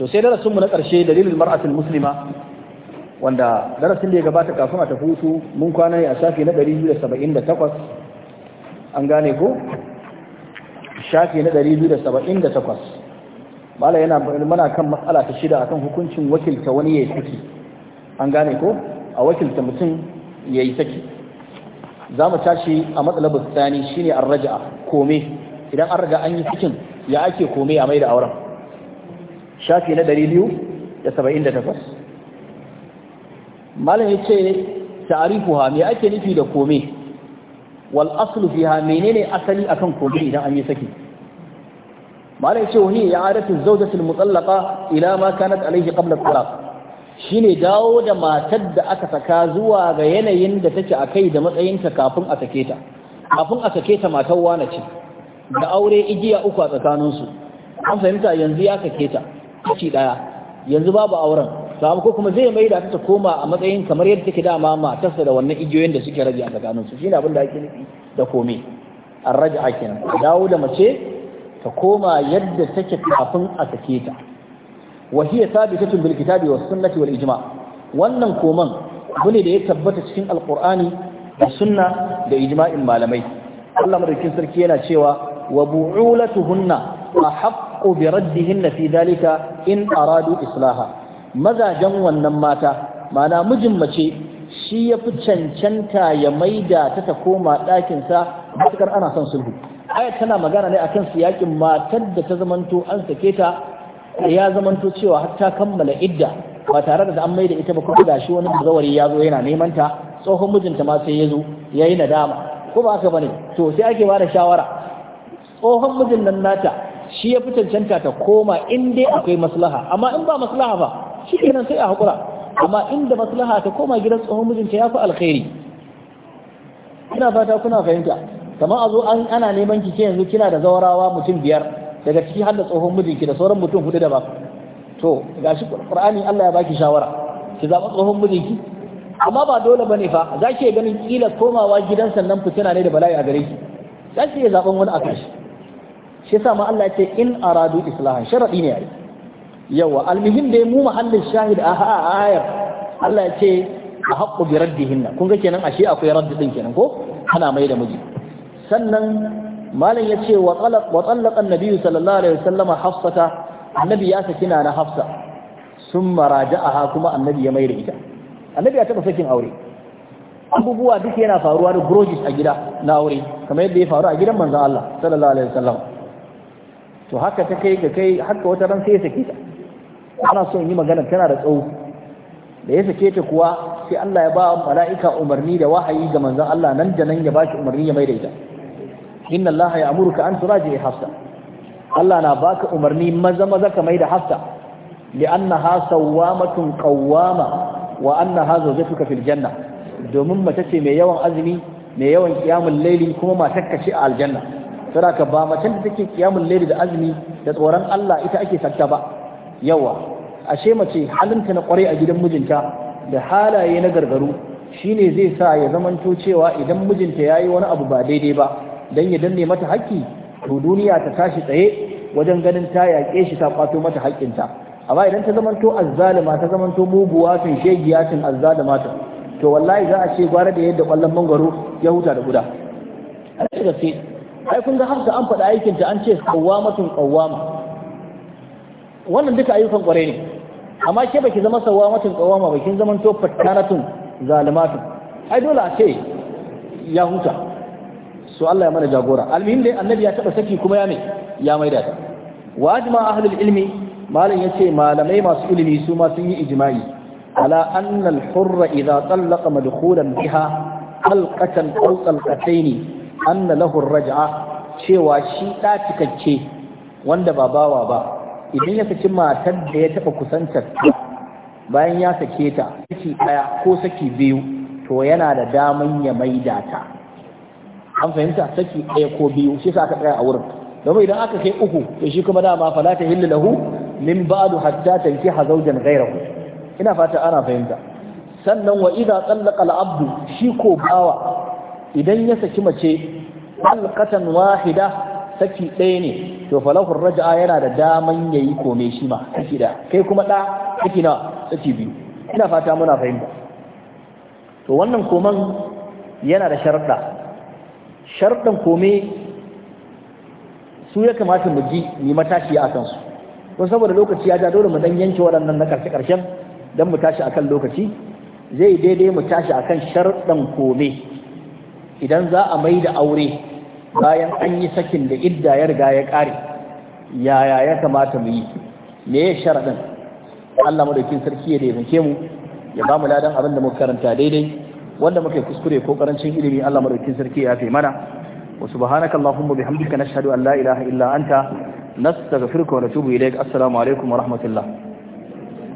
to sai darasinmu na ƙarshe dalilin mar'atul muslima wanda darasin da ya gabata kafin a tafi hutu mun kwana ne a shafi na 278 an gane ko shafi na 278 mala yana mana kan matsala ta shida akan hukuncin wakilta wani yayi saki an gane ko a wakilta mutum ya yi saki za mu tashi a matsalar bustani shine arraja'a kome idan an riga an yi sikin ya ake kome a mai da auren shafi na 278 malam yace ta'rifuha me ake nufi da kome wal aslu fiha menene asali akan kome idan an yi saki malam yace wani i'adatu zawjati al mutallaqa ila ma kanat alayhi qabla al talaq shine dawo da matar da aka saka zuwa ga yanayin da take akai da matsayinta kafin a sake ta kafin a sake ta matar wana ce da aure igiya uku a tsakaninsu an fahimta yanzu ya sake ta kashi daya yanzu babu auren to ko kuma zai mai da ta koma a matsayin kamar yadda take dama matarsa da wannan igiyoyin da suke rage a tsakanin su shine abin da ake nufi da kome an rage kenan dawo da mace ta koma yadda take kafin a sake ta wa hiya sabitatun bil kitabi was sunnati wal ijma wannan koman bune da ya tabbata cikin alqur'ani da sunna da ijma'in malamai Allah madaukakin sarki yana cewa wa bu'ulatuhunna ahaq haqqu bi raddihinna fi dalika in aradu islaha mazajen wannan mata mana mijin mace shi ya fi cancanta ya maida ta ta koma ɗakinsa matukar ana son sulhu ayat tana magana ne akan siyakin matar da ta zamanto an sake ta ya zamanto cewa har ta kammala idda ba tare da an maida ita ba kuma shi wani zawari ya zo yana neman ta tsohon mijinta ma sai ya zo ya yi nadama ko ba haka bane to sai ake bada shawara tsohon mijin nan nata shi ya fi cancanta ta koma inda akwai maslaha amma in ba maslaha ba shi kenan sai a haƙura amma inda maslaha ta koma gidan tsohon mijinta ya fi alkhairi ina fata kuna fahimta kamar a zo ana neman ki ke yanzu kina da zawarawa mutum biyar daga ciki har da tsohon mijinki da sauran mutum hudu da ba to gashi qur'ani Allah ya baki shawara ki zaba tsohon mijinki amma ba dole bane fa zaki ganin kila komawa gidan sannan fitina ne da bala'i a gare ki zaki ya zaban wani akan shi shi yasa ma Allah ce in aradu islahan sharadi ne ai yawa almuhim dai mu mahallin shahid a ayar Allah ya ce a haqqu bi raddihinna kun ga kenan ashe akwai raddi din kenan ko ana mai da miji sannan malam ya ce wa talaq wa talaqa annabi sallallahu alaihi wasallam hafsata annabi ya saki na na hafsa summa raja'aha kuma annabi ya mai da ita annabi ya taba sakin aure abubuwa duk yana faruwa da grojis a gida na aure kamar yadda ya faru a gidan manzon Allah sallallahu alaihi wasallam to haka ta kai ga kai haka wata ran sai ya sake ta ana so in yi magana tana da tsawo da ya sake ta kuwa sai Allah ya ba mala'ika umarni da wahayi ga manzon Allah nan da nan ya ba shi umarni ya maida ita inna Allah ya amuruka an turaji hafsa Allah na baka umarni maza maza ka maida hafsa li'annaha sawwamatun qawwama wa annaha zawjatuka fil janna domin mace ce mai yawan azumi mai yawan qiyamul layli kuma matar ka ce a aljanna saboda ba macen da take kiyamun laili da azumi da tsoron Allah ita ake sakta ba yawa ashe mace halinta na kwarai a gidan mijinta da halaye na gargaru shine zai sa ya zamanto cewa idan mijinta yayi wani abu ba daidai ba dan ya danne mata haƙƙi to duniya ta tashi tsaye wajen ganin ta yaƙe shi ta kwato mata haƙƙinta amma idan ta zamanto azzalima ta zamanto muguwa tun shegiya tun azzalima ta to wallahi za a ce gwara da yadda kwallon mangwaro ya huta da guda a gaske ai kun ga hafsa an faɗi aikin ta an ce qawwamatun qawwama wannan duka ayyukan ƙware ne amma ke baki zama sawwamatun qawwama ba kin zaman to fatanatun zalimatun ai dole a ce ya huta so Allah ya mana jagora Almin dai annabi ya taba saki kuma ya ne ya maida ta wa ajma ahlul ilmi malam yace malamai masu ilimi su ma sun yi ijma'i ala anna al-hurra idha talaqa madkhulan biha halqatan aw talqatayn anna lahu raj'a cewa shi da cikakke wanda ba bawa ba idan ya saki matar da ya taba kusantar bayan ya sake ta saki daya ko saki biyu to yana da daman ya maida ta an fahimta saki daya ko biyu shi sa aka tsaya a wurin domin idan aka kai uku to shi kuma dama fala ta hillu lahu min ba'du hatta tankiha zawjan ghayrahu ina fata ana fahimta sannan wa idza tallaqa al'abdu abdu shi ko bawa idan ya saki mace alqatan wahida saki ɗaya ne to falahu raja'a yana da daman yayi kome shi ma saki da kai kuma da saki na saki biyu ina fata muna fahimta to wannan koman yana da sharɗa sharɗan kome su ya kamata mu ji ni matashi a kansu don saboda lokaci ya ja dole mu dan yanke waɗannan na karshe karshen dan mu tashi akan lokaci zai daidai mu tashi akan sharɗan kome idan za a mai da aure bayan an yi sakin da idda ya riga ya ƙare yaya ya kamata mu yi me ya sharaɗin Allah madaukin sarki ya daimake mu ya ba mu ladan abin da muka karanta daidai wanda muka kuskure ko karancin ilimi Allah madaukin sarki ya fi mana wa subhanaka allahumma bihamdika nashhadu an la ilaha illa anta nastaghfiruka wa natubu ilaik assalamu alaikum wa rahmatullah